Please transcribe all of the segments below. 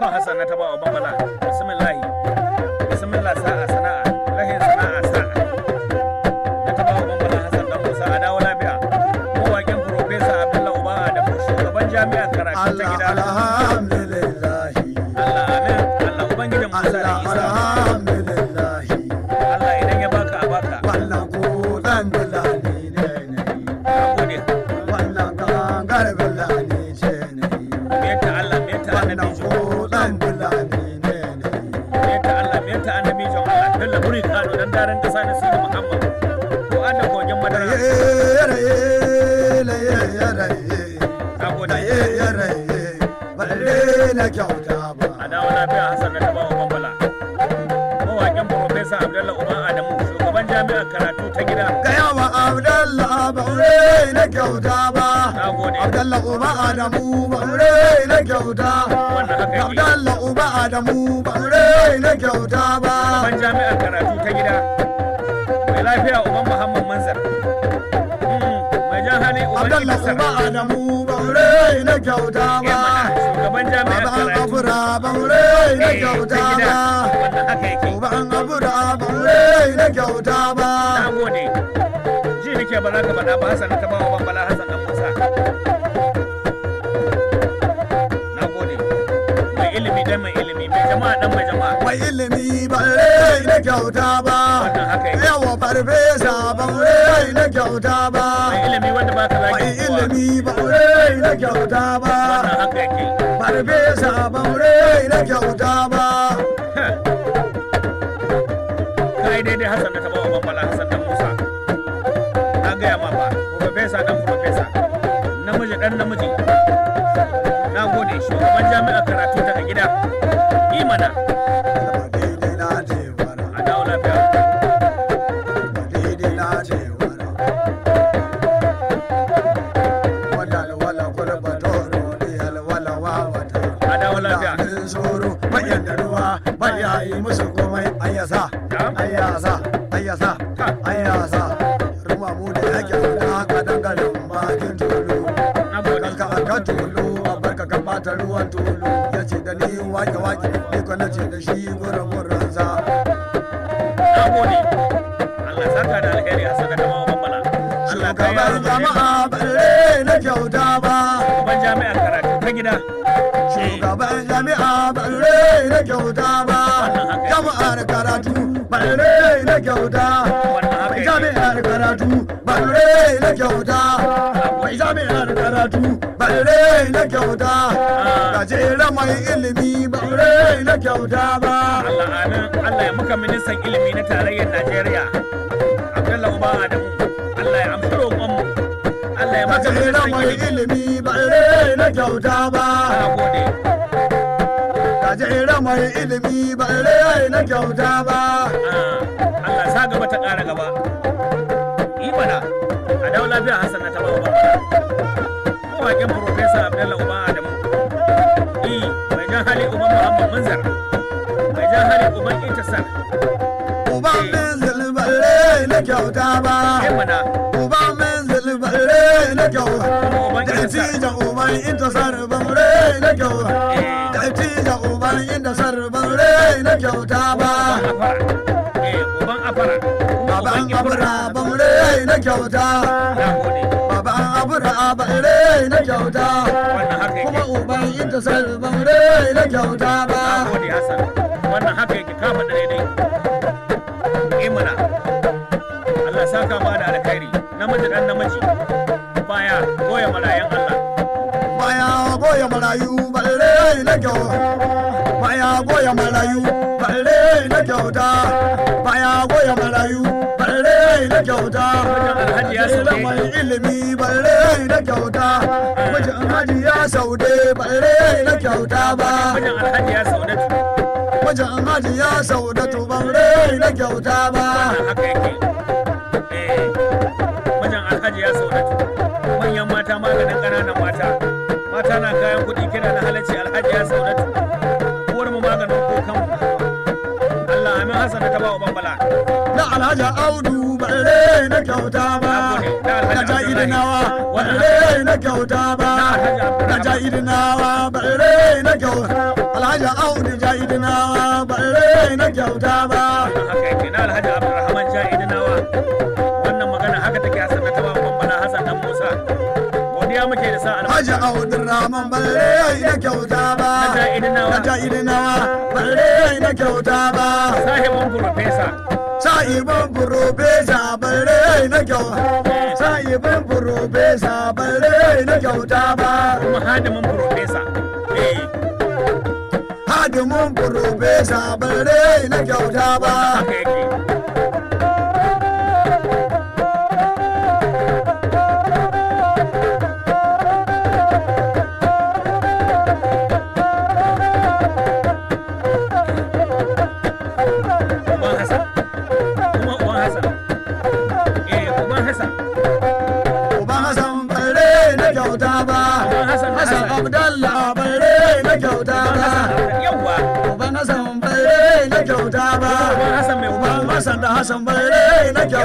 kan hasana ta ba wa bambala bismillah bismillah sa'a bello buri kano dan daren ta sani sirri muhammad ko an da kogin madara a dawo lafiya hassan da hure na kyauta ba abdalla uba adamu ba hure na kyauta abdalla uba adamu ba hure na kyauta ba ban jami'ar karatu ta gida mai lafiya uban muhammad manzar mai jan hali abdalla uba adamu ba hure na kyauta ba shugaban jami'ar karatu ba hure na kyauta ba uban abura ba hure na kyauta ba ce ba za ka faɗa ba Hassan ta ba wa Bala Hassan dan Musa. Na gode. Mai ilimi dan mai ilimi, mai jama'a dan mai jama'a. Mai ilimi ba rai na kyauta ba. Yawa farfesa ba rai na kyauta ba. Mai ilimi wanda ba ka zaki. Mai ilimi ba rai na kyauta ba. Farfesa ba rai na kyauta ba. Kai daidai Hassan da ta ba wa Bala Hassan dan Musa. gaya ma ba profesa dan profesa namiji dan namiji na gode shugaban jami'a karatu daga gida imana a dawo lafiya tulu a barka ka bata ruwa tulu ya ce da ni wake wake ni ko na ce da shi gura gura za. na gode Allah saka da alheri a saka da mawa jama'a balle na kyauta ba shugaban jami'ar karatu ta gida shugaban jami'a balle na kyauta ba jama'ar karatu balle na kyauta jami'ar karatu balle na kyauta jami'ar karatu baire na kyauta ah. ka jera mai ilimi baire na kyauta ba Allah amin Allah ya muka ministan ilimi na tarayyar Najeriya Abdullahi Uba Adamu Allah ya amsa roƙon mu Allah ya maka ministan ilimi baire na kyauta ba gode ka jera mai ilimi baire na kyauta ba ah, Allah sa gaba ta ƙara gaba Imana a daula biya Hassan na tabawa ba bakin Profesa Abdullahi Uba Adamu. E, mai jan hali Uba Muhammad Manzar. Mai jan hali Uba Intasar. Uba e. Manzar balle na kyauta ba. Uba Manzar balle na kyauta. Dattijan Uban Intasar balle na kyauta. E. Dattijan Uban Intasar balle na kyauta ba. Uba Afara. E, Uba Afara balle na kyauta. fura ba rai na kyauta kuma uban ita sai ba rai na kyauta ba wannan haka yake kama daidai imana Allah saka ma da alkhairi namiji dan namiji baya goya Allah baya goya marayu ba na kyauta baya goya marayu ba na kyauta na kyauta da mai ilimi balle na kyauta saude balle kyauta ba mijin kyauta ba eh, alhaji ya saude manyan mata maganin ƙananan mata mata na kayan kuɗi kira na halarci alhaji ya saude mu maganin Allah amin ta ba wa bambala na alhaji Audu na kyauta ba na ja'iri nawa bare na kyauta ba na ja'iri nawa bare na kyauta alhaji audu ja'iri nawa bare na kyauta ba na alhaji abdurrahman ja'iri nawa wannan magana haka na taba bambana na kyauta ba na ja'iri na kyauta ba sahibin professor sa'iban furofesa bare na kyauta sa'iban furofesa bare na kyau ta ba kuma hadimin furofesa eh. hadimin furofesa bare na kyau ta ba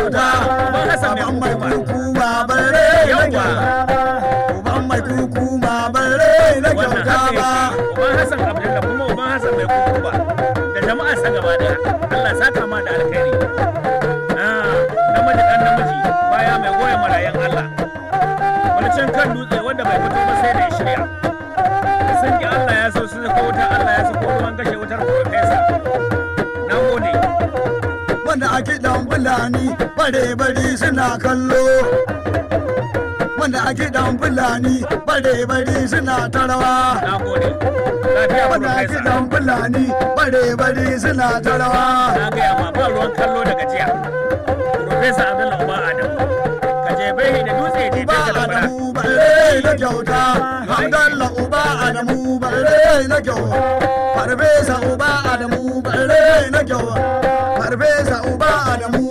kyauta ban mai kuku ba bare na kyauta uban mai kuku ba na kyauta bare bari suna kallo wanda a dan fulani bare bari suna tarawa wanda a dan fulani bare bari suna tarawa na gaya ma uba adamu bare na kyauta farfesa uba adamu bare na kyauta farfesa uba adamu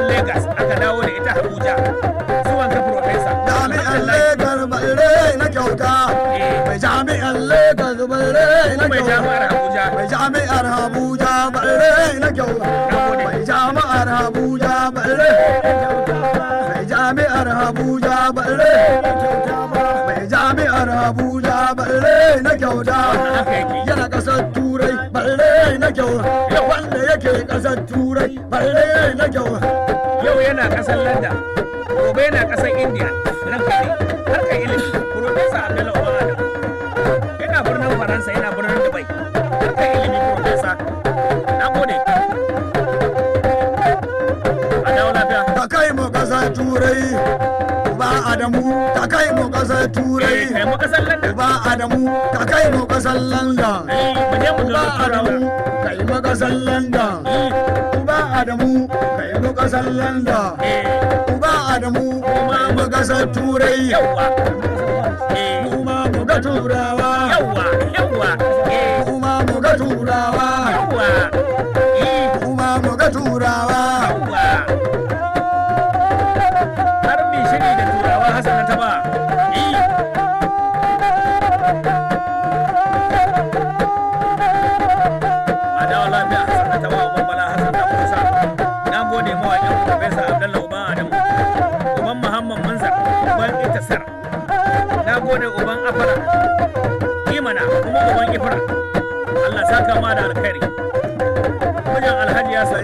Legas aka dawo da ita Abuja ka Profesa. Jami'an Legas na kyauta. Mai jami'ar Abuja na kyauta. Mai jami'ar ne na kyau wanda yake kasar turai balle ne na kyau yau yana kasar landa gobe yana kasar india nan kai harkar ilimi profesa umar yana birnin faransa yana birnin dubai harkar ilimi profesa na gode a dawo lafiya ka kai mu kasar turai ba adamu ta kai mu kasar turai eh, kai mu kasar adamu ka kai mu kasan landa uba adamu ka yi mu landa eh. uba adamu ka yi mu landa eh. uba adamu ma mu kasar turai eh. mu ma mu ga turawa mu ma mu ga turawa alheri wajen alhaji ya sa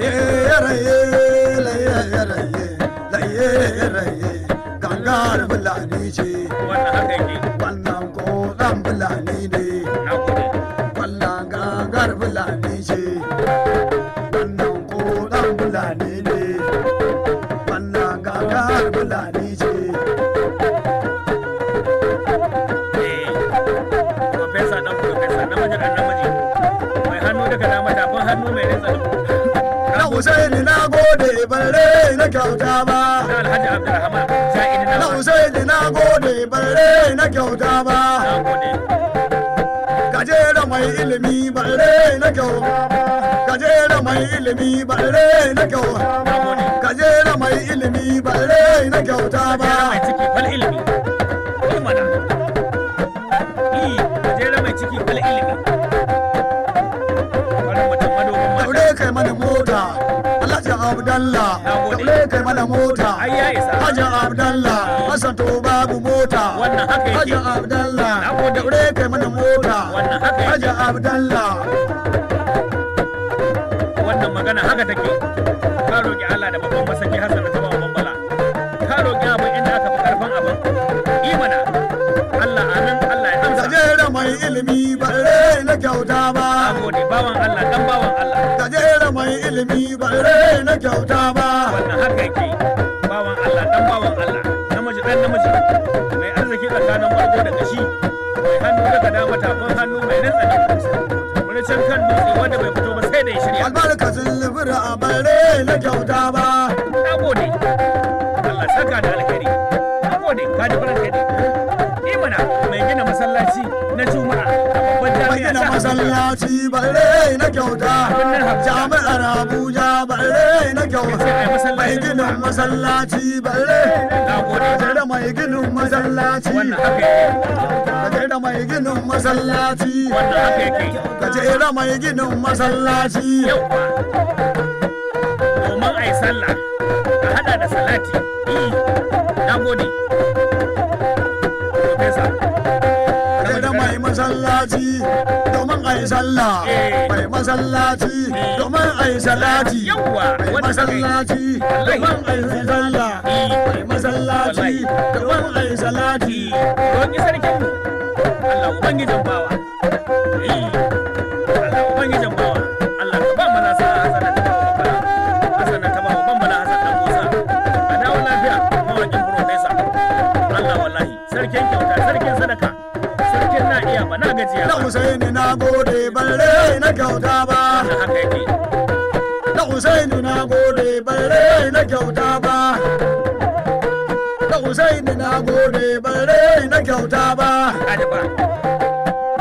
gangara fulani ce wannan haka yake kyauta ba. Na na gode bare na kyauta ba. Gajera mai ilimi bare na kyauta ba. Gajera mai ilimi bare na kyauta Gajera mai ilimi bare na kyauta ba. kai mana mota. Allah kai mana mota hajjan abdallah Hassan to babu mota hajji abdallah ure kai mana mota hajjan abdallah wannan magana haka take ka roƙi Allah da babban masaki hassan da babban bambala ka roƙi abu inda aka fi karfin abin imana Allah anan, Allah ya amsa da mai ilimi ba rai na kyauta ba gode bawan Allah dan bawan Allah da mai ilimi ba rai na kyauta ba albarkacin libira a bare na kyauta ba na gode Allah saka da alheri na gode ka ji farin kai imana mai gina masallaci na juma'a babban jami'a ta masallaci bare na kyauta jami'ar Abuja bare na kyauta mai gina masallaci bare na gode mai masallaci wannan haka da mai ginin masallaci ka ce eh, da mai ginin masallaci domin a sallah ka hada da salati eh, na gode mai masallaci domin a sallah mai masallaci domin a salati mai masallaci domin a yi sallah eh. mai masallaci domin a yi salati roƙi sarkinmu Allah ubangijin bawa eh, Allah ubangijin bawa Allah ka ba mana sa hasana ta bawa bambana hasana ta bawa bambana hasan dan Musa a dawo lafiya mawakin profesa Allah wallahi sarkin kyauta sarkin sadaka sarkin na iya ba na gajiya na Usaini na gode balle na kyauta ba haka yake na Usaini na gode balle na kyauta ba Usaini na gode bare na kyauta ba.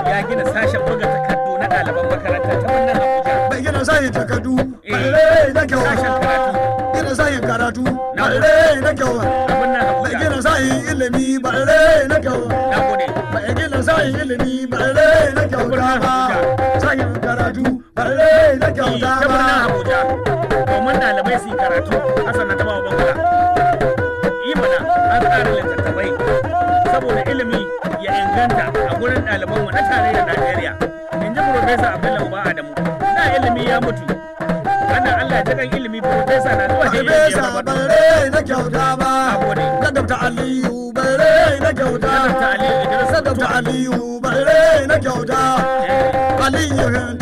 ya gina sashen buga takardu na ɗaliban makaranta ta wannan Abuja. Bai gina sashen takardu, ɓarare eh. na kyau. Sashen karatu. Gina sashen karatu, ɓarare na kyau. Abin Bai gina sashen ilimi, ɓarare na kyau. Na Bai gina sashen ilimi, ɓarare na kyau. Sashen karatu, ɓarare na kyau. Ta birnin eh, Abuja. Domin ɗalibai su yi karatu, Hassan na taɓa wa Yi mana an tsara littattafai saboda ilimi ya inganta. ɗaliban mu na tarayyar Najeriya in ji Profesa Abdullahi Uba Adamu na ilimi ya mutu ana Allah ta kan ilimi Profesa na zuwa ne ya ce bare na kyauta ba na Dr. Aliyu bare na kyauta na Dr. Aliyu bare na kyauta eh. Aliyu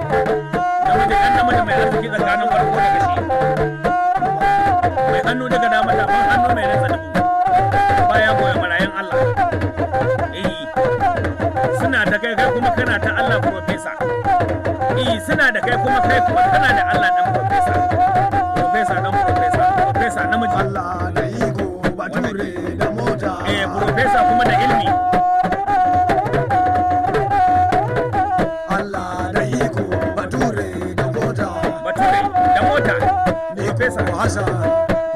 namiji kan namiji mai arziki tsakanin farko da gashi mai hannu daga dama da ban hannu mai rasa dubu baya goya marayan Allah eh suna da kai kai kuma kana ta Allah professor eh suna da kai kuma kai kuma kana da wasa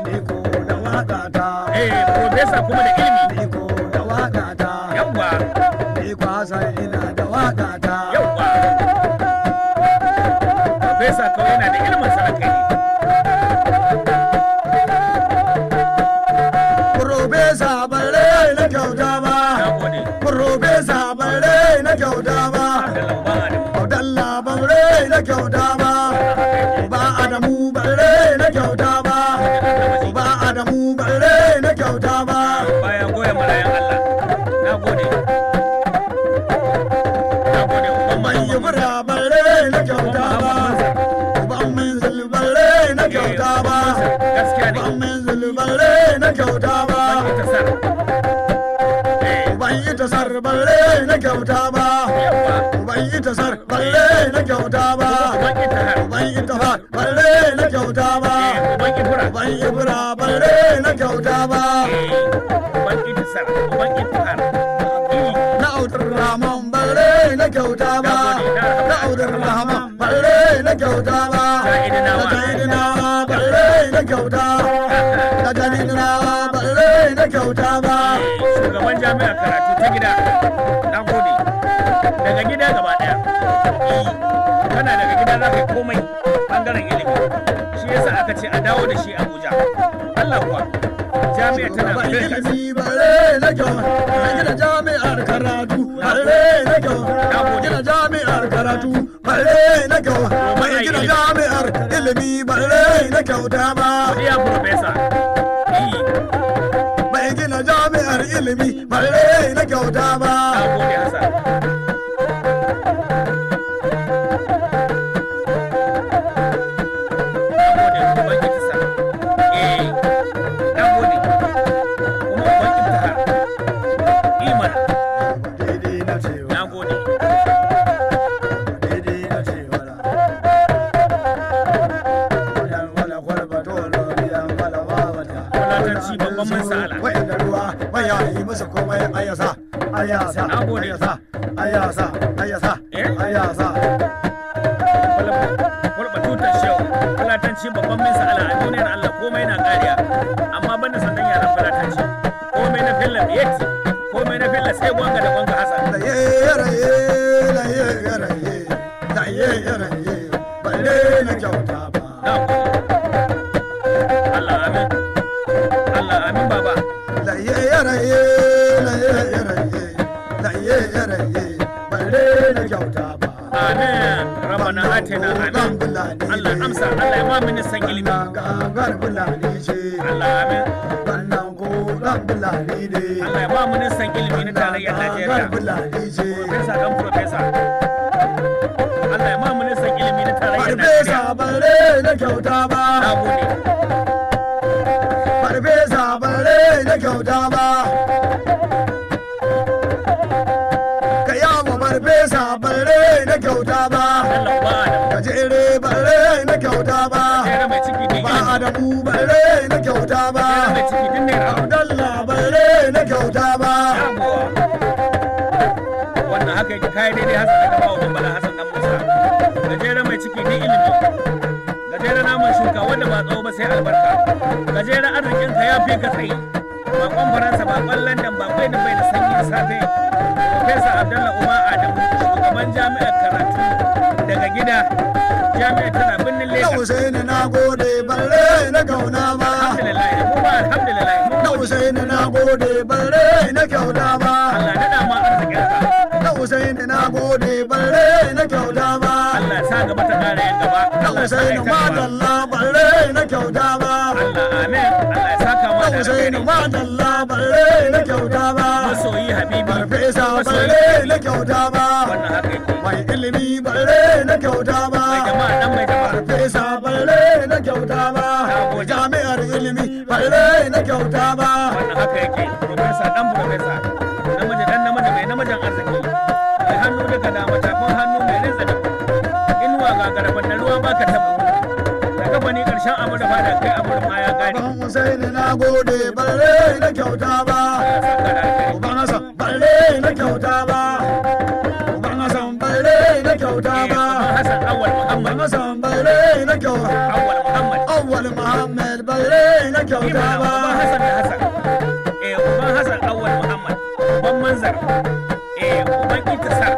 ni ko da waka ta eh professor kuma da ilimi ni da waka ta yawa ni kwasa ina da waka ta yawa professor yana da ilimi balle na kyauta ba ban yi ta sar balle na kyauta ba ban yi ta far balle na kyauta ba ban yi fura balle na kyauta ba ban ta sar ban yi na autar ramon balle na kyauta ba na autar ramon balle na kyauta ba na kaidina balle na kyauta na kaidina balle na kyauta ba ɗaliban jami'ar karatu ta gida na gode daga gida gaba daya eh, kana daga gida za ka yi komai bangaren ilimi shi yasa aka ce a dawo da shi abuja allah kuwa jami'ar tana ba ba na gida jami'ar karatu na gina jami'ar karatu na kyau gida jami'ar ilimi ba na kyauta ba iya profesa eh, ilimi ba eh, na kyauta ba dawwammin sa ala a duniyar Allah komai na kariya amma banda sandan yaran falatanci komai na filla biyat komai na fella sai gwanga da gwanga hasan laye ye, la yaraye laye ye, balle na kyauta ba Allah amin Allah amin baba La la ye, laye ye, la yaraye laye ye, balle na kyauta ba amin rabbana atina amin Allah amsa Allah ya mamini san ilimi gagar bulani ce Allah amin wannan ko dan bulali ne Allah ya mamini san ilimi ne na tarayyar Najeriya gagar bulani ce professor dan professor Allah ya mamini san ilimi na tarayyar Najeriya farfesa bare na kyauta ba na gode bare na kyauta ba abu bai na kyauta ba abdallah bai rai na kyauta ba wannan haka yake kayan daidai hasan da kama wa bambala hasan dan musa gajere mai ciki ni ilimi gajere naman shuka wanda ba tsawo ba sai albarka gajere arzikin ka ya fi ka tsayi bakon faransa bakon london bakwai da bai da sanyi da safe profesa abdallah umar adamu shugaban jami'ar karatu gida tana birnin lagos na husaini na gode balle na kauna ma alhamdulillah na husaini na gode balle na kyauta ma allah na na husaini gode balle na kyauta ma ta na husaini ma dalla balle na kyauta ma allah husaini ma dalla balle na kyauta ma bare na kyauta ba mai ilimi bare na kyauta ba farfesa bare na kyauta ba jami'ar ilimi bare na kyauta ba wannan haka dan na na gode bare na kyauta ba awal muhammad bare na kyauta ba hasan hasan eh uban hasan awal muhammad uban manzar eh uban intisa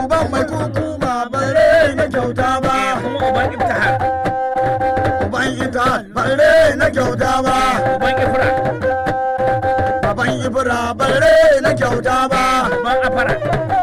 uban mai ba eh, bare na kyauta ba uban ibtihar uban intihar na kyauta ba uban ifra baban ibra kyauta ba